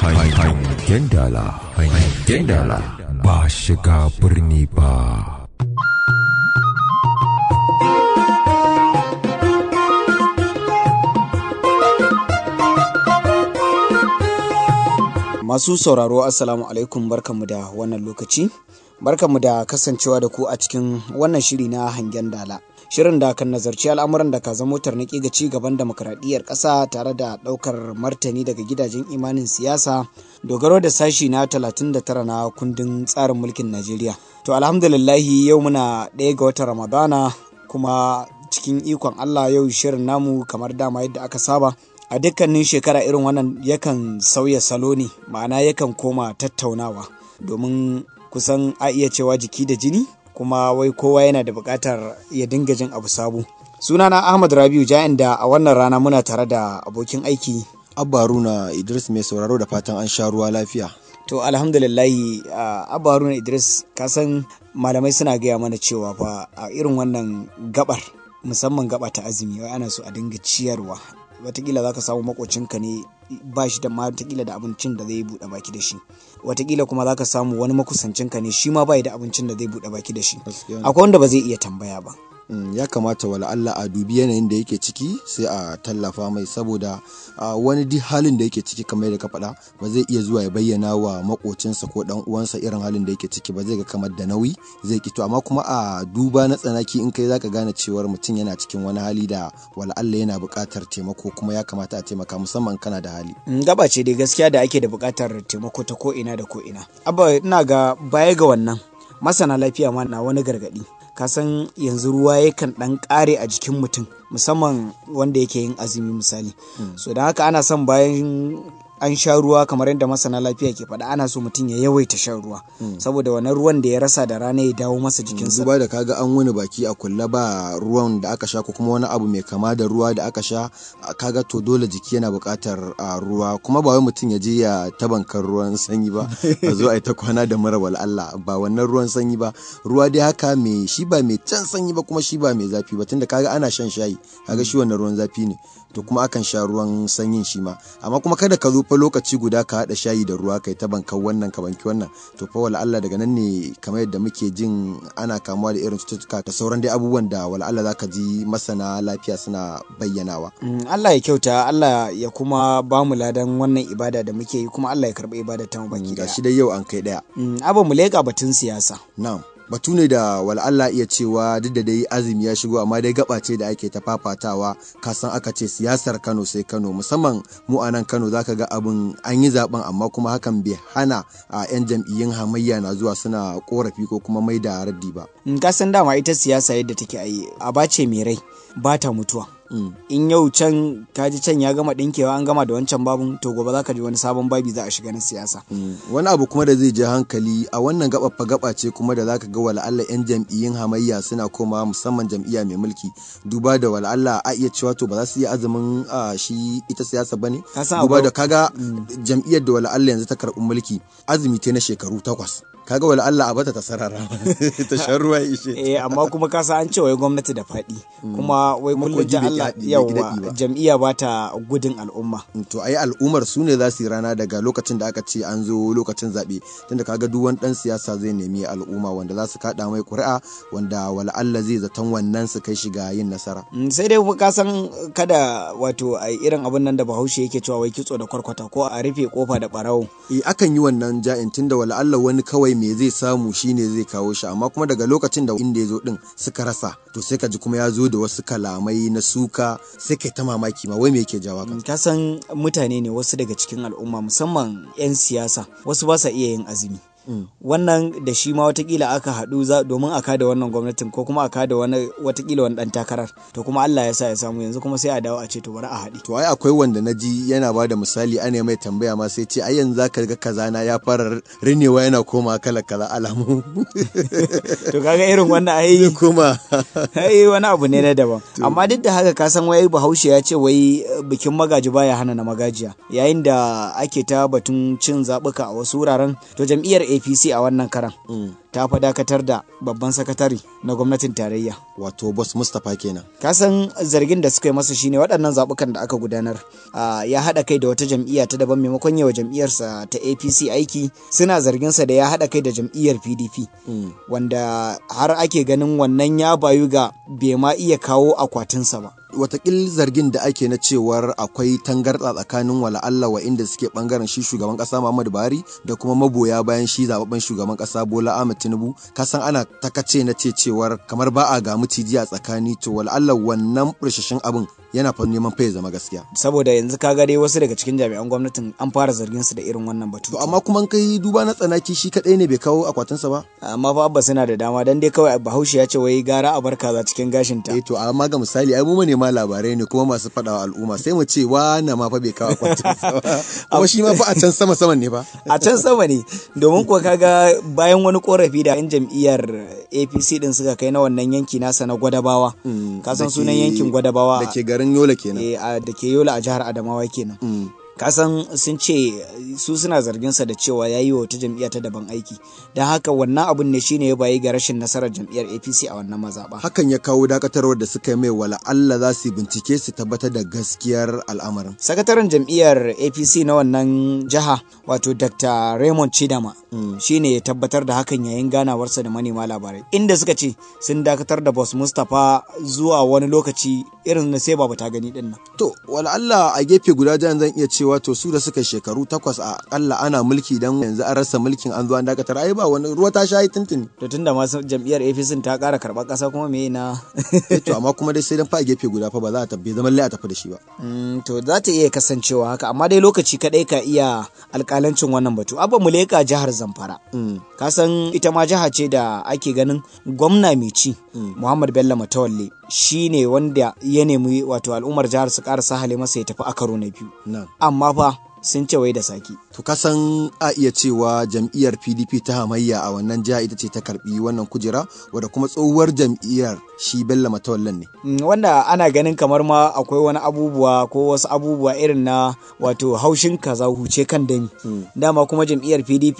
Hai, hai, hai, gendala, hai, hai, gendala, bahasa bernipa. Masu sauraro, Assalamu alaikum, barkanmu da wannan lokaci. Barkanmu da kasancewa da ku a cikin wannan shiri na hangen dala. shirin da kan nazarci al'amuran da ka zamo tarniki ga ci gaban demokradiyyar ƙasa tare da ɗaukar martani daga gidajen imanin siyasa dogaro da sashi na 39 na kundin tsarin mulkin najeriya to alhamdulillahi yau muna ɗaya ga watan ramadana kuma cikin ikon allah yau shirin namu kamar dama yadda aka saba a dukkanin shekara irin wannan yakan sauya salo ne ma'ana yakan koma tattaunawa domin kusan a iya cewa jiki da jini kuma wai kowa yana da buƙatar ya dinga jin abu sabu. sunana ahmad rabiu ja'in da a wannan rana muna tare da abokin aiki abba haruna idris mai sauraro da fatan an sha ruwa lafiya to alhamdulillahi abba haruna idris san malamai suna gaya mana cewa fa a irin wannan gabar musamman gaba ta azumi wai ana so a dinga ciyarwa watakila za ka samu makocinka ne ba shi da ma da abincin da zai buɗe baki da shi watakila kuma za ka samu wani makusancinka ne shi ma ba da abincin da zai buɗe baki da shi akwai wanda ba zai iya tambaya ba Mm, ya kamata wala Allah a dubi yanayin da yake ciki sai a tallafa mai saboda wani duk halin da yake ciki kamar yadda ka faɗa ba zai iya zuwa ya bayyana wa makocinsa ko dan uwansa irin halin da yake ciki ba zai ga kamar da nauyi zai kito amma kuma a duba na tsanaki in kai zaka gane cewar mutum yana cikin wani hali da wala Allah yana buƙatar taimako kuma ya kamata a taimaka musamman kana da hali mm, gaba dai gaskiya da ake da buƙatar taimako ta ko ina da ko ina abba ina ga baya ga wannan masana lafiya ma na wani gargaɗi kasan yanzu ruwa yakan dan kare a jikin mutum musamman wanda yake yin azumi misali hmm. so don haka ana son bayan an sha ruwa kamar yadda masana lafiya ke faɗa ana so mutum ya yawaita shan ruwa hmm. saboda wannan ruwan da ya rasa da rana ya dawo masa jikinsa hmm, duba da kaga an wani baki a kulla ba ruwan da aka sha ko kuma wani abu mai kama da ruwa da aka sha kaga to dole jiki yana buƙatar ruwa kuma ba wai mutum ya je ya tabankar ruwan sanyi ba a zo a yi ta kwana da mara wal Allah ba wannan ruwan sanyi ba ruwa dai haka mai shi ba mai can sanyi ba kuma shi ba mai zafi ba tunda kaga ana shan shayi kaga shi hmm. wannan ruwan zafi ne to kuma akan sha ruwan sanyin shi ma amma kuma kada ka zo fa lokaci guda ka haɗa shayi da ruwa kai ta bankan wannan ka banki wannan to fa wala Allah daga nan ne kamar yadda muke jin ana kamuwa da irin cututtuka da sauran dai abubuwan da wala Allah zaka ji masana lafiya suna bayyanawa mm, Allah ya kyauta Allah ya kuma ba mu ladan wannan ibada da muke yi kuma Allah ya karbi ibada ta mu baki da mm, shi dai yau an kai daya mm, abu mu leƙa batun siyasa na'am batu ne da wal'alla iya cewa duk da dai azumi ya shigo amma dai gaba ce da ake ta fafatawa kasan aka ce siyasar kano sai kano musamman mu a nan kano zaka ga abin an yi zaben amma kuma hakan bai hana a yan jam'iyyun hamayya na zuwa suna korafi ko kuma mai da raddi ba. in mm, kasan dama ita siyasa yadda take a a bace mai rai ba ta mutuwa mm. in yau can kaji can ya gama ɗinkewa an gama da wancan babun to gobe za ka ji wani sabon babi za a shiga na siyasa mm. wani abu kuma da zai je hankali a wannan gabaffa gaba ce kuma da za ka ga wala'alla 'yan jam'iyyun hamayya suna koma musamman jam'iyya mai mulki duba da wala'alla a iya cewa to ba za su yi azumin shi ita siyasa ba ne duba da kaga mm. jam'iyyar da wala'alla yanzu ta karɓi mulki azumi ta na shekaru takwas kaga wala Allah a bata ta sarara ta shan ishe eh amma kuma ka sa an ce wai gwamnati da faɗi kuma wai kullum Allah yawa jam'iyya ba ta gudun al'umma to ai al'ummar su ne za su yi rana daga lokacin da aka ce an zo lokacin zaɓe tunda kaga duk wani dan siyasa zai nemi al'umma wanda za su kaɗa mai ƙuri'a wanda wala Allah zai zaton wannan su kai shiga yin nasara mm, sai dai ka san kada wato a irin abin nan da Bahaushe yake cewa wai kitso da kwarkwata ko a rufe kofa da barawo eh akan yi wannan ja'in tunda wala Allah wani kawai me zai samu shine zai kawo shi amma kuma daga lokacin da inda ya zo din suka rasa to sai ka ji kuma ya zo da wasu kalamai na suka sai kai ta mamaki ma wai me yake jawa ka. Mm, ka san mutane ne wasu daga cikin al'umma musamman 'yan siyasa wasu ba sa iya yin azumi Mm. wannan da shi ma watakila aka haɗu domin a da wannan gwamnatin ko kuma a da wani watakila wani ɗan takarar to kuma Allah ya sa ya samu yanzu kuma sai a dawo a ce to bari a haɗi. to ai akwai wanda na ji yana ba da misali ana mai tambaya ma sai ce ai yanzu zaka ga kazana ya fara rinewa yana koma kala kala alamu. to kaga irin wannan ai kuma ai wani abu ne na daban amma duk da haka ka san wai bahaushe ya ce wai eh, bikin magaji baya hana na magajiya yayin da ake ta batun cin zabuka a wasu wuraren to jam'iyyar apc a wannan karan mm. ta fa dakatar da babban sakatari na gwamnatin tarayya wato boss mustapha kenan kasan zargin da suka yi masa shine waɗannan zabukan da aka gudanar ya haɗa kai da wata jam'iyya ta daban maimakon yawa jam'iyyarsa ta apc aiki suna zargin sa da ya haɗa kai da jam'iyyar pdp hmm. wanda har ake ganin wannan ya bayu ga bai ma iya kawo akwatinsa ba watakil zargin da ake na cewar akwai tangarɗa tsakanin wala'alla inda suke bangaren shi shugaban ƙasa muhammadu buhari da kuma maboya bayan shi zababben shugaban ƙasa bola ahmed tinubu ka san ana takace na ce cewar kamar ba a gamu mutiji tsakani to wal'allah wannan burshashin abin yana fa neman fa ya zama gaskiya saboda yanzu ka ga dai wasu daga cikin jami'an gwamnatin an fara zargin su da irin wannan batu amma kuma kai duba na tsanaki shi kadai ne bai kawo sa ba amma fa abba suna da dama dan dai kawai bahaushe ya ce wai gara a bar kaza cikin gashin ta eh to amma ga misali ai mu ma labarai ne kuma masu fadawa al'umma sai mu ce na ma fa bai kawo sa ba kuma shi ma fa a can sama saman ne ba a can sama ne domin ka kaga bayan wani korafi da yan jam'iyyar APC din suka kai na wannan yanki nasa na Gwadabawa mm, kasan sunan yankin Gwadabawa da ke garin yola kenan eh da ke yola a jihar adamawa kenan mm. kasan sun ce su suna zarginsa da cewa ya yi wa wata jam'iyya ta daban aiki don haka wannan abun ne shine ya bayi ga rashin nasarar jam'iyyar apc a wannan mazaɓa hakan ya kawo dakatarwar da suka yi mai wala allah za su bincike su tabbatar da gaskiyar al'amarin sakataren jam'iyyar apc na wannan jiha wato dr raymond chidama mm. shine ya tabbatar da hakan yayin ganawarsa da manema labarai inda suka ce sun dakatar da boss mustapha zuwa wani lokaci irin na sai babu ta gani din nan to wala allah a gefe guda jan zan iya cewa cewa to su da suka shekaru takwas a akalla ana mulki dan yanzu an rasa mulkin an zo an dakatar ai ba wani ruwa ta shayi tuntuni to tunda ma jam'iyyar APC ta kara karɓar kasa kuma me na eh, to amma kuma dai sai dan fa gefe guda fa ba za a tabbe zaman lai a tafi da shi ba mm, to za ta iya kasancewa haka amma dai lokaci kadai ka iya alƙalancin wannan batu abba Muleka leka jihar Zamfara mm. ka san ita ma jiha ce da ake ganin gwamna mai ci mm. Muhammad Bello Matawalle shi ne wanda ya nemi wato al'ummar jihar su ƙara sahale masa ya tafi a karo na biyu amma fa sun ce wai da saki to kasan a iya cewa jam'iyyar pdp ta hamayya a wannan jiha ita ce ta karbi wannan kujera wadda kuma tsohuwar jam'iyyar shi bello matawallan ne mm, wanda ana ganin kamar ma akwai wani abubuwa ko wasu abubuwa irin na wato haushin kaza huce kan dami mm. dama kuma jam'iyyar pdp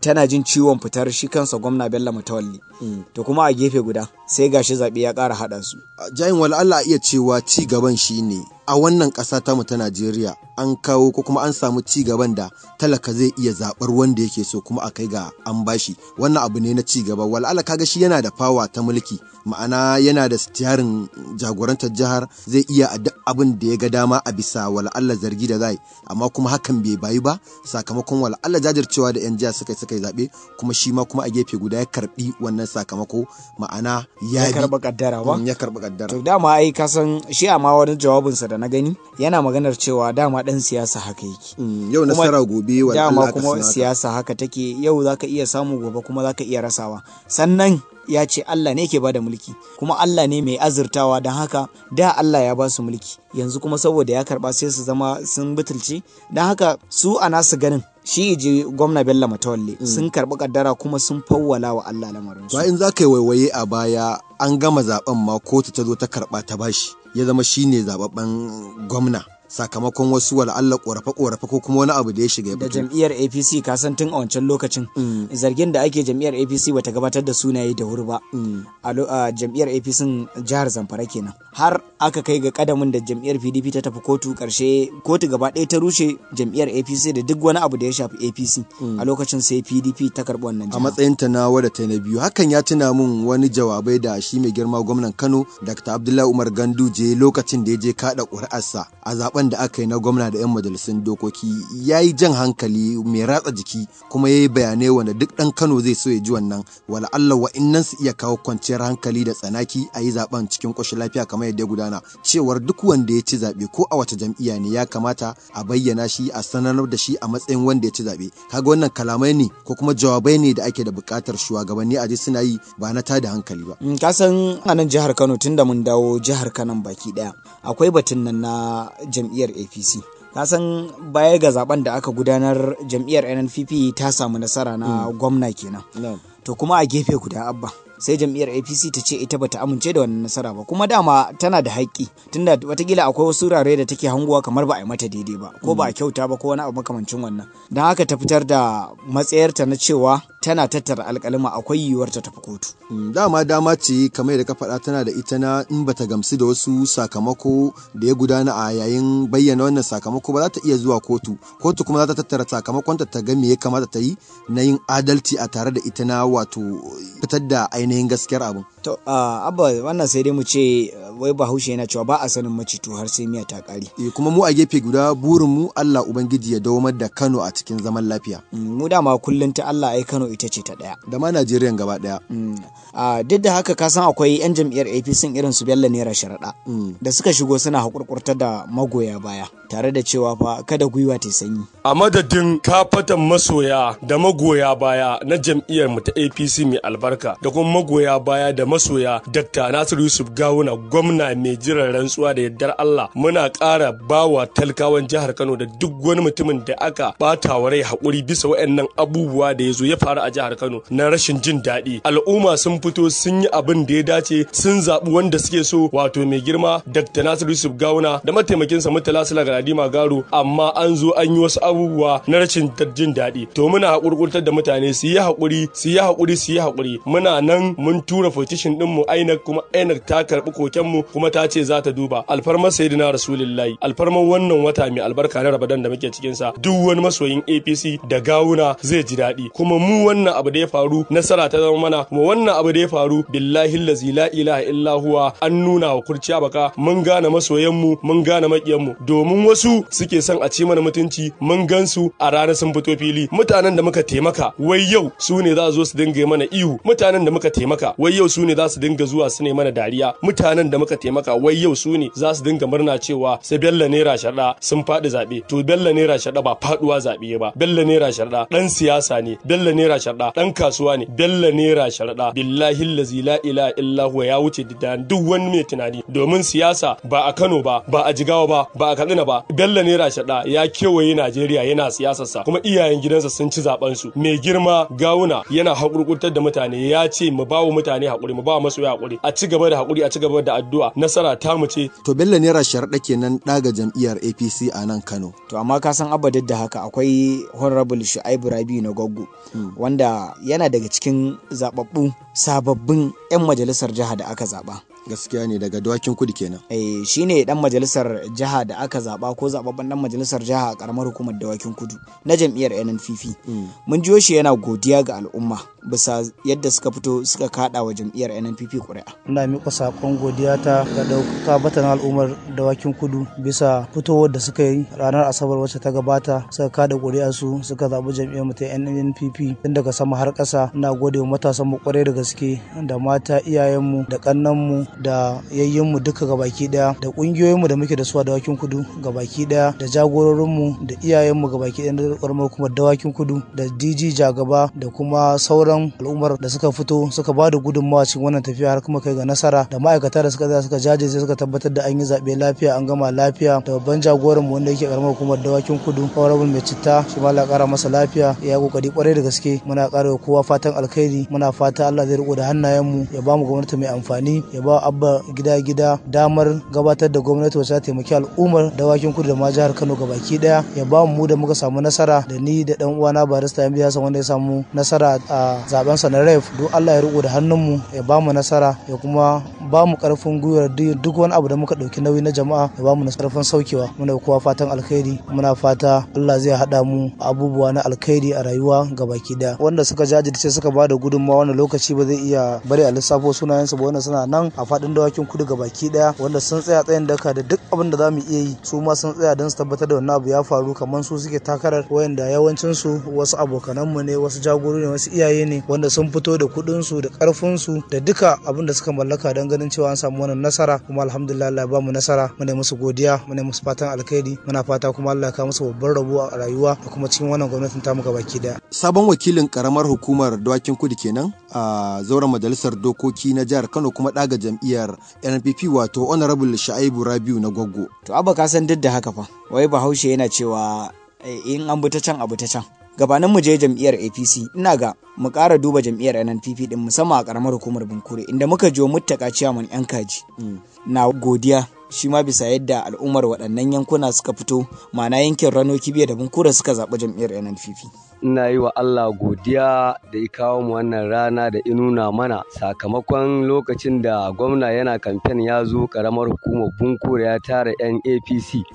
tana jin ciwon fitar shi kansa gwamna bello matawalli mm. to kuma a gefe guda sai gashi zaɓe ya ƙara haɗa su jayin wala allah iya cewa ci gaban shi ne a wannan ƙasa tamu ta najeriya an kawo ko kuma an samu ci gaban da talaka zai iya zaɓar wanda yake so kuma a kai ga an bashi wannan abu ne na ci gaba wal'ala kaga shi yana da fawa ta mulki ma'ana yana da sitiyarin jagorantar jihar zai iya a duk abin da ya ga dama a bisa allah zargi da zai amma kuma hakan bai bayu ba sakamakon allah jajircewa da 'yan jiya suka suka yi zaɓe kuma shi ma kuma a gefe guda ya karɓi wannan sakamako ma'ana ya karɓi kaddara ba mm, ya karɓi kaddara to dama ai ka san shi amma wani jawabinsa da na gani yana maganar cewa dama dan siyasa haka yake mm, yau nasara gobe wala'alla dama kuma siyasa haka take yau zaka iya samu gobe kuma zaka iya rasawa sannan ya ce Allah ne ke bada mulki kuma Allah ne mai azurtawa don haka da Allah ya ba su mulki yanzu kuma saboda ya karba sai su zama sun butulce don haka su a nasu ganin shi iji gwamna Bello Matawalle mm. sun karbi kaddara kuma sun fawwala wa Allah lamarin su in za ka yi waiwaye a baya an gama zaben ma kotu ta zo ta karba ta bashi ya zama shine zababben gwamna sakamakon wasu wala'alla korafe-korafe ko kuma wani abu da ya shiga da jam'iyyar apc kasan tun a wancan lokacin mm. zargin da ake jam'iyyar apc ba ta gabatar da sunaye da wuri ba mm. a jam'iyyar apc jihar zamfara kenan har aka kai ga kadamin da jam'iyyar pdp ta tafi kotu karshe kotu gaba ɗaya ta rushe jam'iyyar apc da duk wani abu da ya shafi apc mm. a lokacin sai pdp ta karɓi wannan a matsayin ta na wadda ta na biyu hakan ya tuna min wani jawabai da shi mai girma gwamnan kano dr abdullahi umar gandu je lokacin da ya je kaɗa ƙuri'arsa a zaɓen zaben da aka yi na gwamna da 'yan majalisun dokoki ya yi jan hankali mai ratsa jiki kuma ya yi bayanai wanda duk dan kano zai so ya ji wannan wala allah wa'innan su iya kawo kwanciyar hankali da tsanaki a yi zaben cikin ƙoshin lafiya kamar yadda ya gudana cewar duk wanda ya ci zaɓe ko a wata jam'iyya ne ya kamata a bayyana shi a sanar da shi a matsayin wanda ya ci zaɓe kaga wannan kalamai ne ko kuma jawabai ne da ake da buƙatar shugabanni a ji suna yi ba na tada hankali ba. Mm, kasan a nan jihar kano tun da mun dawo jihar kano baki ɗaya akwai batun nan na jam'iyyar apc san baya ga zaben da aka gudanar jam'iyyar nnpp ta samu nasara na hmm. gwamna kenan to kuma a gefe guda abba sai jam'iyyar apc ta ce ita bata amince da wannan nasara ba kuma dama tana da haƙƙi tunda watakila akwai wasu rare da take hanguwa kamar ba a yi mata daidai ba ko ba a hmm. kyauta ba ko wani abu makamancin wannan don haka ta fitar da matsayarta na cewa tana tattara alkalima akwai yiwuwar ta tafi kotu. Mm, dama dama ce kamar da ka faɗa tana da ita na in bata gamsu da wasu sakamako da ya gudana a yayin bayyana wannan sakamako ba za ta iya zuwa kotu. Kotu kuma za ta tattara sakamakon ta ga me ya kamata ta yi na yin adalci a tare da ita na wato fitar da ainihin gaskiyar abin. to abba wannan sai dai mu ce wai bahaushe yana cewa ba a sanin macito har sai miya ta kare eh, kuma mu a gefe guda burin mu Allah ubangiji ya dawo da Kano a cikin zaman lafiya mm, mu dama kullun ta Allah ai Kano ita ce ta daya da ma Najeriya gaba daya mm, duk da haka ka san akwai yan jam'iyyar APC irin su Bello Naira Sharaɗa mm. da suka shigo suna hakurkurta da magoya baya tare da cewa fa kada gwiwa ta sanyi. A madadin kafatan masoya da magoya baya na jam'iyyar mu ta APC mai albarka da kuma magoya baya da masoya Dr. Nasiru Yusuf Gawuna gwamna mai jiran rantsuwa da yardar Allah muna ƙara bawa talkawan jihar Kano da duk wani mutumin da aka bata wa rai haƙuri bisa waɗannan abubuwa da ya zo ya faru a jihar Kano na rashin jin daɗi. Al'umma sun fito sun yi abin da ya dace sun zaɓi wanda suke so wato mai girma Dr. Nasiru Yusuf Gawuna da mataimakinsa Mutala Sulaga Galadima Garo amma an zo an yi wasu abubuwa na rashin jin daɗi to muna hakurkurtar da mutane su yi hakuri su yi hakuri su yi hakuri muna nan mun tura fotishin din mu aina kuma aina ta karbi kokenmu kuma ta ce za ta duba alfarmar sayyidina rasulullahi alfarmar wannan wata mai albarka na rabadan da muke cikin sa duk wani masoyin APC da gawuna zai ji daɗi kuma mu wannan abu da ya faru nasara ta zama mana kuma wannan abu da ya faru billahi allazi la ilaha illa huwa an nuna wa kurciya baka mun gane masoyanmu mun gane makiyan mu domin wasu suke son a ci mana mutunci mun gan su a ranar sun fito fili mutanen da muka taimaka wai yau su ne za zo su dinga mana ihu mutanen da muka taimaka wai yau su ne za su dinga zuwa su ne mana dariya mutanen da muka taimaka wai yau su ne za su dinga murna cewa sai bella naira sharda sun faɗi zaɓe to bella naira sharda ba faɗuwa zaɓe ba bella naira sharda dan siyasa ne bella naira sharda dan kasuwa ne bella naira sharda billahi allazi la ilaha illa huwa ya wuce duk wani mai tunani domin siyasa ba a Kano ba ba a Jigawa ba ba a Katsina ba Bello nera Rashada ya kewaye Najeriya yana siyasarsa kuma iyayen gidansa sun ci zaben su mai girma gawuna yana hakurkurtar da mutane ya ce mu ba wa mutane hakuri mu ba wa masoya hakuri a ci gaba da hakuri a ci gaba da addu'a nasara ta mu ce to Bello nera Rashada kenan daga jam'iyyar APC a nan Kano to amma ka san abadin da haka akwai Honorable Shu'aibu Rabi na Goggo hmm. wanda yana daga cikin zababbu sababbin 'yan majalisar jiha da aka zaba gaskiya ne daga dawakin kudu kenan eh shine dan majalisar jiha da aka zaba ko zababban dan majalisar jiha a karamar hukumar dawakin kudu na jam'iyyar NNPP mm. mun jiyo shi yana godiya ga al'umma bisa yadda suka fito suka kada wa jam'iyyar NNPP ƙuri'a ina miƙa sakon godiya ta ga dauka batan al'ummar dawakin kudu bisa fitowar da suka yi ranar asabar wacce ta gabata suka kada ƙuri'a su suka zabi jam'iyyar mu ta NNPP tun daga sama har ƙasa ina gode wa matasan mu ƙwarai da gaske da mata iyayenmu da kannanmu da yayyinmu duka gabaki daya da kungiyoyinmu da muke da su a dawakin kudu gabaki daya da jagororinmu da iyayenmu gabaki daya da karamar kuma dawakin kudu da dg jagaba da kuma sauran al'ummar da suka fito suka ba da gudunmawa cikin wannan tafiya har kuma kai ga nasara da ma'aikata da suka za suka jajirce suka tabbatar da an yi zaɓe lafiya an gama lafiya da babban jagoranmu wanda yake karamar kuma dawakin kudu honorable mai citta shi ma kara masa lafiya ya kokari kwarai da gaske muna kara kowa fatan alkhairi muna fata Allah zai riko da hannayenmu ya ba mu gwamnati mai amfani ya ba abba gida gida damar gabatar da gwamnati wasu ta taimaki al'ummar dawakin kudu da ma jihar kano gabaki daya ya ba mu da muka samu nasara da ni da dan uwana barista yan biya wanda ya samu nasara a zaben sa na ref duk Allah ya riko da hannun mu ya ba mu nasara ya kuma ba mu karfin gwiwar duk wani abu da muka dauki nauyi na jama'a ya ba mu karfin saukewa muna kowa fatan alkhairi muna fata Allah zai hada mu abubuwa na alkhairi a rayuwa gabaki daya wanda suka jajirce suka ba da gudunmawa wannan lokaci ba zai iya bari a lissafo sunayensu ba wannan suna nan a faɗin dawakin kudu ga baki ɗaya wanda sun tsaya tsayin daka da duk abin da za mu iya yi su ma sun tsaya don su tabbatar da wannan abu ya faru kamar su suke takarar wayanda yawancin su wasu abokananmu ne wasu jagoro ne wasu iyaye ne wanda sun fito da kuɗin su da ƙarfin su da duka abin da suka mallaka don ganin cewa an samu wannan nasara kuma alhamdulillah Allah ba mu nasara muna musu godiya muna musu fatan alkhairi muna fata kuma Allah ka musu babban rabo a rayuwa da kuma cikin wannan gwamnatin tamu ga baki ɗaya sabon wakilin karamar hukumar dawakin kudu kenan a zauren majalisar dokoki na jihar Kano kuma ɗaga jam'iyyar NPP wato Honorable Sha'ibu Rabiu na Gwaggo. To abba ka san duk da haka fa, wai Bahaushe yana cewa eh, in an bi ta can abu ta can. gabanin mu je jam'iyyar apc ina ga mu ƙara duba jam'iyyar nnpp din musamman a ƙaramar hukumar bunkure inda muka jo muttaka ciyaman yan kaji mm. na godiya shi ma bisa yadda al'ummar waɗannan yankuna suka fito ma'ana yankin rano kibiya da bunkure suka zaɓi jam'iyyar nnpp ina yi wa Allah godiya da ya kawo mu wannan rana da inuna mana sakamakon lokacin da gwamna yana kamfen ya zo karamar hukumar bunkure ya tara yan apc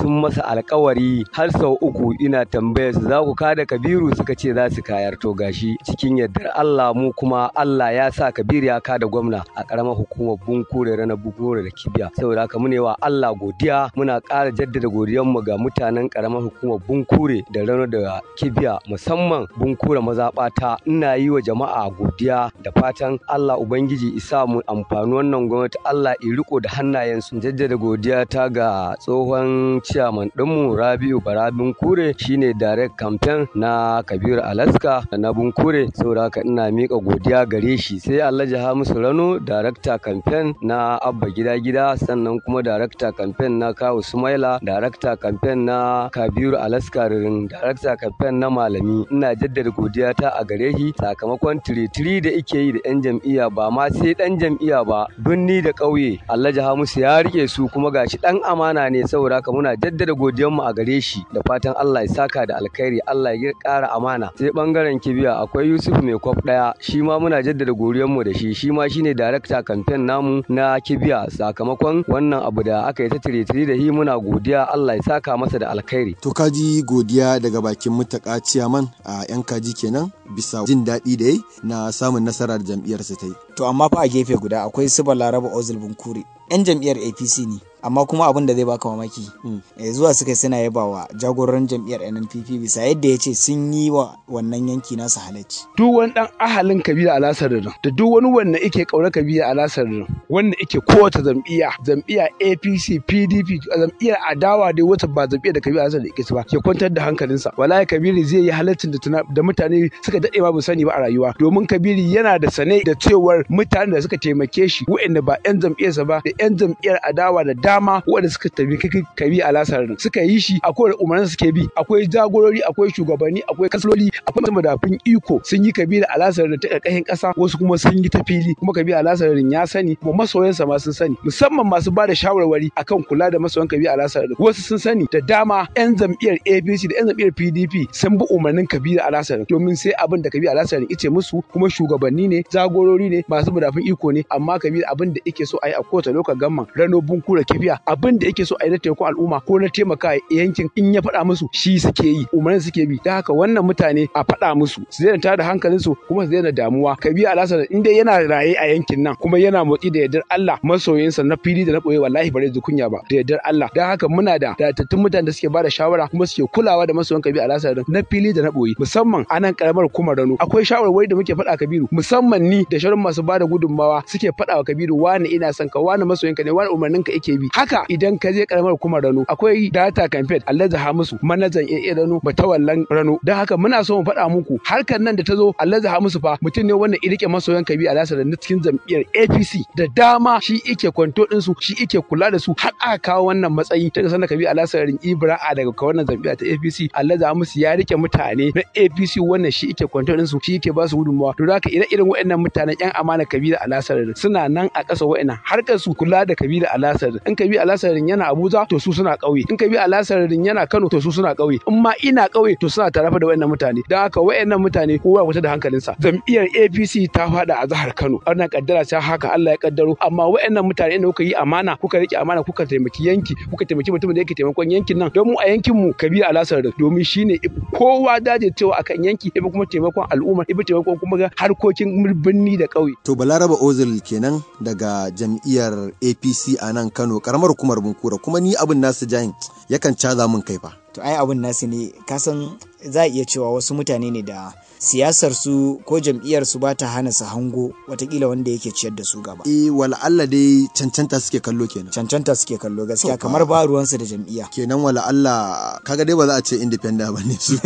sun masa alkawari har sau uku ina tambaya su za ku kada kabiru suka ce za su kayar to gashi cikin yardar Allah mu kuma Allah ya sa kabiru ya kada gwamna a karamar hukumar bunkure rana bugore da kibiya saboda haka mune wa Allah godiya muna ƙara jaddada godiyar mu ga mutanen karamar hukumar bunkure da rana da kibiya musamman bunkura mazaɓata ina yi wa jama'a godiya da fatan Allah Ubangiji isa mu amfani wannan gwamnati Allah i riko da hannayensu jaddada godiya ta ga tsohon ciyaman ɗinmu Rabiu Barabin Kure shine direct campaign na Kabiru Alaska na Bunkure saboda ka ina miƙa godiya gare shi sai Alhaji Hamisu Rano director campaign na Abba Gida Gida sannan kuma director campaign na Kawu Sumaila director campaign na Kabiru Alaska Ririn director campaign na malami ina jaddada godiyata a gare shi sakamakon tiritiri da ike yi da yan jam'iyya ba ma sai dan jam'iyya ba birni da ƙauye Allah ja musu ya rike su kuma gashi dan amana ne saboda ka muna jaddada mu a gare shi da fatan Allah ya saka da alkhairi Allah ya ƙara amana sai bangaren kibiya akwai Yusuf mai kwaf daya shi ma muna jaddada mu da shi shi ma shine director campaign namu na kibiya sakamakon wannan abu da aka yi ta tiritiri da shi muna godiya Allah ya saka masa da alkhairi to kaji godiya daga bakin mutaka ciyaman a yan kaji kenan bisa jin daɗi da yi na samun nasarar jam'iyyarsa ta yi to amma fa a gefe guda akwai su Laraba ozil Bunkuri. yan jam'iyyar apc ne amma kuma abin da zai baka mamaki hmm. eh, zuwa suka suna yaba wa jagoran jam'iyyar NNPP bisa yadda ya ce sun yi wa wannan yanki nasu halacci. Duk wani dan ahalin kabila alasar da da duk wani wanda ike kaura kabila alasar da wanda ike kowace jam'iyya jam'iyya APC PDP jam'iyyar adawa dai wata ba jam'iyyar da kabila alasar da ike ba ke kwantar da hankalinsa wallahi kabiri zai yi halaccin da da mutane suka dade ma ba sani ba a rayuwa domin kabiri yana da sane da cewar mutanen da suka taimake shi waɗanda ba 'yan jam'iyyarsa ba da 'yan jam'iyyar adawa da dama waɗanda suka tabi kabi alasar nan suka yi shi akwai umarnin suke bi akwai jagorori akwai shugabanni akwai kasaloli akwai masu madafin iko sun yi kabi da alasar ta ƙarƙashin ƙasa wasu kuma sun yi ta fili kuma kabi alasar ya sani kuma masoyansa ma sun sani musamman masu ba da shawarwari akan kula da masoyan kabi alasar wasu sun sani da dama 'yan jam'iyyar apc da 'yan jam'iyyar pdp sun bi umarnin kabi da alasar domin sai abin da kabi alasar ice musu kuma shugabanni ne jagorori ne masu madafin iko ne amma kabi abin da ike so a yi a kowace lokacin gamman rano bunkura ke tafiya abin da yake so a yi na taimako al'umma ko na taimaka yankin in ya faɗa musu shi suke yi umarnin suke bi da haka wannan mutane a faɗa musu su daina tada su kuma su daina damuwa biya alhassan in dai yana raye a yankin nan kuma yana motsi da yardar Allah masoyinsa na fili da na ɓoye wallahi bare da kunya ba da yardar Allah da haka muna da datattun mutane da suke bada shawara kuma suke kulawa da ka biya alhassan na fili da na ɓoye musamman a nan karamar kuma rano akwai shawarwari da muke faɗa kabiru musamman ni da shirin masu bada gudunmawa suke faɗa wa kabiru wani ina son ka wani masoyinka ne wani umarninka yake bi Kebbi haka idan ka je karamar kuma Rano akwai data campaign Alhaji musu manajan AA Rano batawallan Rano don haka muna so mu faɗa muku harkar nan da ta zo Alhaji musu fa mutum ne wanda rike masoyan kabi a lasar da cikin jam'iyyar APC da dama shi ike kwanto din su shi ike kula da su har aka kawo wannan matsayi ta sanar Kebbi a lasar Ibra a daga wannan jam'iyya ta APC Alhaji musu ya rike mutane na APC wannan shi ike kwanto din su shi ike ba su gudunmawa to haka ire-iren waɗannan mutanen yan amana Kabila lasar suna nan a ƙasa waɗannan harkar su kula da Kabila lasar in in ka bi alasarin yana abuja to su suna ƙauye in ka bi alasarin yana kano to su suna ƙauye in ma ina ƙauye to suna tarafa da wayannan mutane don haka wayannan mutane kowa kuta da hankalinsa jam'iyyar apc ta fada a jihar kano ana kaddara sai haka allah ya kaddaro amma wayannan mutane da kuka yi amana kuka rike amana kuka taimaki yanki kuka taimaki mutumin da yake taimakon yankin nan don mu a yankin mu ka bi alasarin domin shine kowa daje cewa akan yanki ibi kuma taimakon al'umma ibi taimakon kuma harkokin birni da ƙauye to balaraba ozil kenan daga jam'iyyar apc a nan kano karamar hukumar bunkura kuma ni abin nasu jahin yakan caza min kai fa to ai abin nasu ne kasan za a iya cewa wasu mutane ne da siyasar su ko jam'iyyar su ba ta hana su hango watakila wanda yake ciyar da su gaba. Eh wala Allah dai cancanta suke kallo kenan. Cancanta suke kallo gaskiya kamar ba ruwansu da jam'iyya. Kenan wala Allah kaga dai ba za a ce independent ba ne su.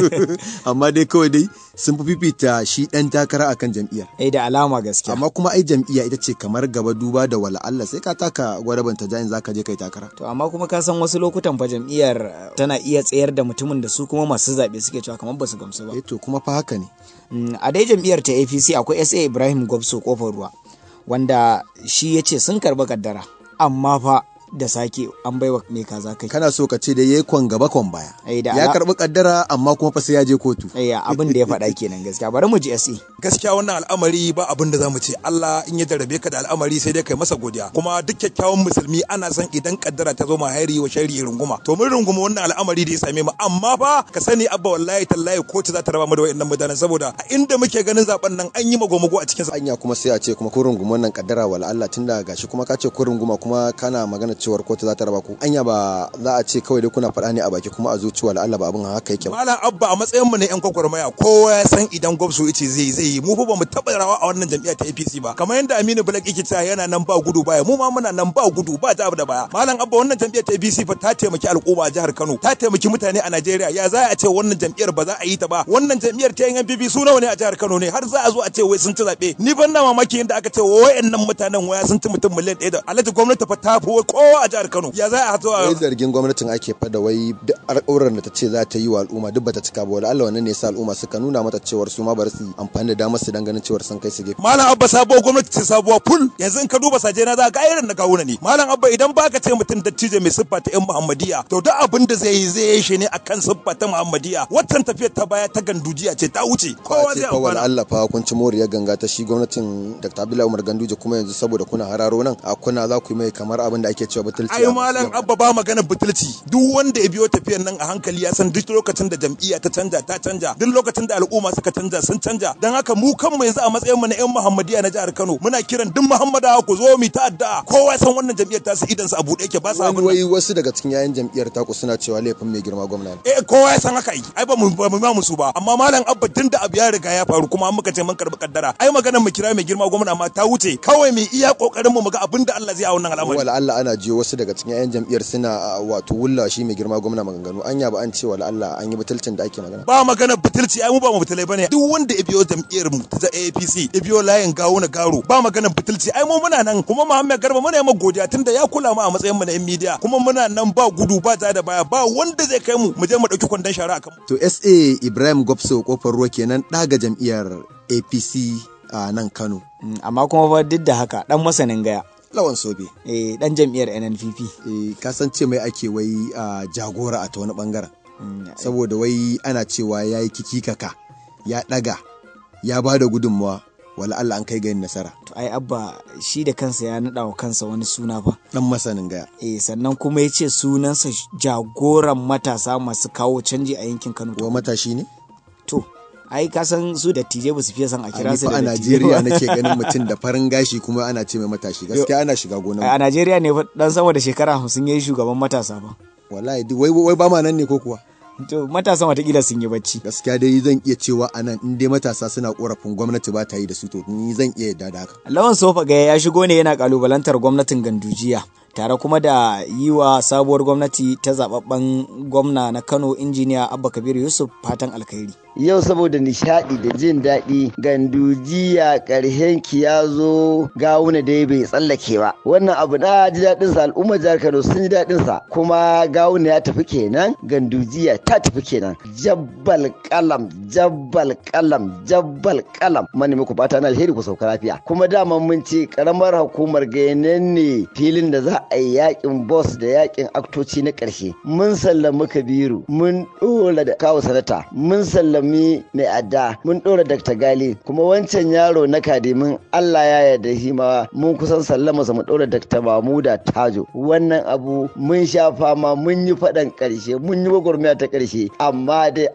Amma dai kawai dai sun fi fifita shi dan takara akan jam'iyya. Eh da alama gaskiya. Amma kuma ai jam'iyya ita ce kamar gaba duba da wala Allah sai ka taka gwarabanta ta za zaka je kai takara. To amma kuma ka san wasu lokutan fa jam'iyyar eh, tana iya tsayar da mutumin da su kuma masu zaɓe suke cewa kamar ba su gamsu ba. Eh to kuma fa haka ne mm, a dai jam'iyyar ta apc akwai sa ibrahim gwabso kofar ruwa wanda shi ya ce sun karba kaddara amma fa da sake an baiwa mai kaza kai kana so ka ce da yayi kwan gaba kwan baya eh, ya karbi kaddara amma kuma fa sai ya je kotu eh abin da ya faɗa kenan gaskiya bari mu ji SE gaskiya wannan al'amari ba abin da zamu ce Allah in ya darabe ka da al'amari sai dai kai masa godiya kuma duk kyakkyawan musulmi ana son idan kaddara ta zo ma hairi wa shari runguma to mun runguma wannan al'amari da ya same mu amma fa ka sani abba wallahi tallahi kotu za ta raba mu da wayannan mutane saboda a inda muke ganin zaben nan an yi magomago a cikin anya kuma sai a ce kuma kun runguma wannan kaddara wala Allah tunda gashi kuma ka ce kun runguma kuma kana magana cewar kotu za ta raba ku anya ba za a ce kawai dai kuna faɗa ne a baki kuma a zuciya Allah ba abin haka yake malam abba a matsayin mu ne yan kwakwarmaya kowa ya san idan gwamnati yace zai zai yi mu fa bamu taba rawa a wannan jam'iyya ta APC ba kamar yadda Aminu Black yake cewa yana nan ba gudu baya mu ma muna nan ba gudu ba ta da baya malam abba wannan jam'iyyar ta APC fa ta taimaki al'umma a jihar Kano ta taimaki mutane a Najeriya ya za a ce wannan jam'iyyar ba za a yi ta ba wannan jam'iyyar ta NPP su nawa ne a jihar Kano ne har za a zo a ce wai sun ci zabe ni ban na mamaki yanda aka ce wayannan mutanen waya sun ci mutum miliyan 1 da alhaji gwamnati fa ta fi ko kowa a jihar Kano ya za a hato a zargin gwamnatin ake fada wai duk alƙawuran da ta ce za ta yi wa al'umma duk bata cika ba wala Allah wannan ne yasa al'umma suka nuna mata cewar su ma bari su amfani da damar su dan ganin cewar sun kai su gefe malam abba sabuwar gwamnati ce sabuwa ful yanzu in ka duba saje na za ka irin na kawuna ne malam abba idan baka ce mutum dattijo mai siffa ta yan muhammadiya to duk abin da zai yi zai yi shi ne akan siffa ta muhammadiya wannan tafiyar ta baya ta gandujiya ce ta wuce kowa zai amfana Allah fa kun ci moriya ganga ta shi gwamnatin Dr. Abdullahi Umar Ganduje kuma yanzu saboda kuna hararo nan a kuna za ku yi mai kamar abin da ake cewa butulci ai malam abba ba magana butulci duk wanda ya biyo tafiyar nan a hankali ya san duk lokacin da jam'iyya ta canja ta canja duk lokacin da al'umma suka canja sun canja dan haka mu kanmu yanzu a matsayin mu na yan muhammadiya na jihar Kano muna kiran duk muhammadawa ku zo mu ta'adda kowa san wannan jam'iyyar ta su idan su a bude yake ba sa abin wai wasu daga cikin yayin jam'iyyar ta ku suna cewa laifin mai girma gwamna eh kowa ya san haka ai ai ba mu ba mu musu ba amma malam abba tun da abu ya riga ya faru kuma an muka ce mun karbi kaddara ai maganar mu kira mai girma gwamna ma ta wuce kawai mai iya kokarin mu muga abin da Allah zai a wannan al'amari wala Allah ana ji je wasu daga cikin 'yan jam'iyyar suna wato wulla shi mai girma gwamna maganganu anya ba an ce wala Allah an yi butulcin da ake magana ba magana butulci ai mu ba mu butulai bane duk wanda ya biyo jam'iyyar mu ta APC ya biyo layin gawo na garo ba magana butulci ai mu muna nan kuma Muhammad Garba muna yamma godiya tunda ya kula mu a matsayin mu na 'yan media kuma muna nan ba gudu ba za da baya ba wanda zai kai mu mu je mu dauki kwandon shara akan to SA Ibrahim Gopso kofar ruwa kenan daga jam'iyyar APC a nan Kano mm, amma kuma ba duk da haka dan masanin gaya lawan sobe eh dan jam'iyyar nnpp eh kasance mai ake wai a jagora a ta wani bangaren mm, saboda wai ana cewa ya yi kikikaka ya daga ya ba da gudunmawa wala Allah an kai ga nasara to ai abba shi da kansa ya nada wa kansa wani suna ba dan masanin gaya eh sannan kuma ya ce sunansa jagoran matasa masu kawo canji a yankin Kano wa matashi ne ai ka san su da tije ba su fiye san a kira su da a Najeriya nake ganin mutum da farin gashi kuma ana ce mai matashi gaskiya ana shiga gona a Najeriya ne dan sama da shekara 50 yayi shugaban matasa ba wallahi wai wai ba ma nan ne ko kuwa to wata kila sun yi bacci gaskiya dai zan iya cewa a nan in dai matasa suna korafin gwamnati ba ta yi da su to ni zan iya yadda da haka lawan sofa ga ya shigo ne yana kalubalantar gwamnatin gandujiya tare kuma da yi wa sabuwar gwamnati ta zababben gwamna na kano injiniya abba kabir yusuf fatan alkhairi yau saboda nishadi da jin daɗi ya ƙarshen ki ya zo gawuna dai bai tsallake ba wannan abu na ji daɗinsa, al'ummar jihar Kano sun ji daɗinsa. sa kuma gawuna ya tafi kenan ya ta tafi kenan jabbal kalam jabbal kalam jabbal kalam mani muku fata na alheri ku sauka lafiya kuma dama mun ce karamar hukumar gayanan ne filin da za a yi yakin boss da yakin aktoci na ƙarshe mun sallama kabiru mun ɗora da kawo sanata mun sallama ne mai adda mun ɗora Dr. Gali kuma wancan yaro na kadimin Allah ya yarda shi ma mun kusan sallama sa mu ɗora Dr. Mamuda Tajo wannan abu mun sha fama mun yi faɗan karshe mun yi gwagwarmaya ta karshe amma dai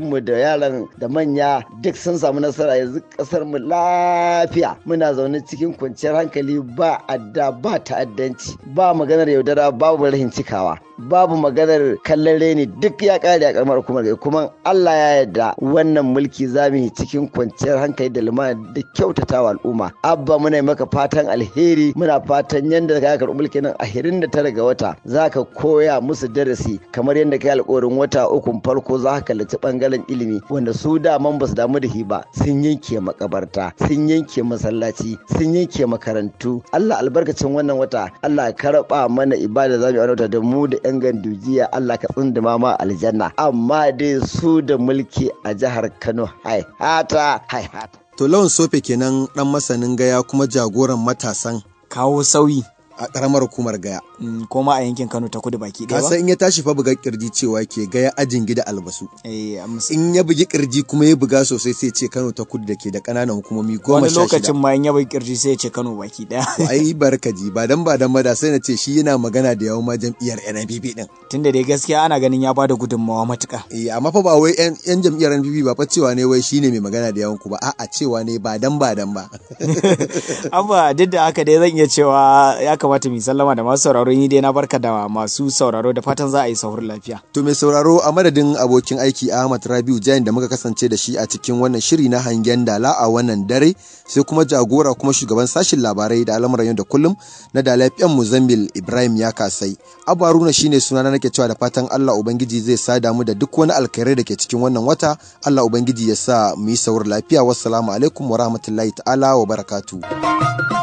mu da yaran da manya duk sun samu nasara yanzu kasar mu lafiya muna zaune cikin kwanciyar hankali ba adda ba ta'addanci ba maganar yaudara babu rahin cikawa babu maganar kallon reni duk ya kare a ƙaramar hukumar kuma Allah ya yadda wannan mulki zamu yi cikin kwanciyar hankali da lumana da kyautatawa al'umma abba muna maka fatan alheri muna fatan yadda ka karɓi mulki nan A hirin da tara ga wata za ka koya musu darasi kamar yadda ka yi alƙawarin wata ukun farko za ka kallaci ɓangaren ilimi wanda su daman ba su damu da shi ba sun yanke makabarta sun yanke masallaci sun yanke makarantu Allah albarkacin wannan wata Allah karɓa mana ibada za mu wata da mu da 'yan jiya, Allah ka tsundu ma aljanna amma dai su da mulki mulki a jihar Kano haihata haihata. To lawan sofe kenan ɗan masanin gaya kuma jagoran matasan. Kawo sauyi. A ƙaramar hukumar gaya. Mm, ko ma a yankin Kano ta kudu baki ɗaya ba. Kasan in ya tashi fa buga kirji cewa ke ga ya ajin gida albasu. Eh, in ya bugi kirji kuma ya buga sosai sai ce Kano ta kudu da ke da ƙananan hukumomi goma sha shida. Wani lokacin ma in ya bugi kirji sai ya ce Kano baki ɗaya. Ai ji ba dan ba dan da sai na ce shi yana magana da yawon ma jam'iyyar NPP din. Tunda dai gaskiya ana ganin ya bada gudunmawa matuƙa. Eh amma fa ba wai yan jam'iyyar NPP ba fa cewa ne wai shine mai magana da yawon ku ba a'a cewa ne ba dan ba dan ba. Amma duk da haka dai zan iya cewa ya kamata mu sallama da masu sauraro saurari ni dai na barka da masu sauraro da fatan za a yi sahur lafiya. To mai sauraro a madadin abokin aiki Ahmad Rabiu Jain da muka kasance da shi a cikin wannan shiri na hangen dala a wannan dare sai kuma jagora kuma shugaban sashin labarai da al'amuran yau da kullum na fiyan Muzambil Ibrahim ya kasai. Abaruna shine suna na nake cewa da fatan Allah Ubangiji zai sada mu da duk wani alkhairai da ke cikin wannan wata Allah Ubangiji ya sa mu yi sahur lafiya wassalamu alaikum wa rahmatullahi ta'ala wa barakatuh.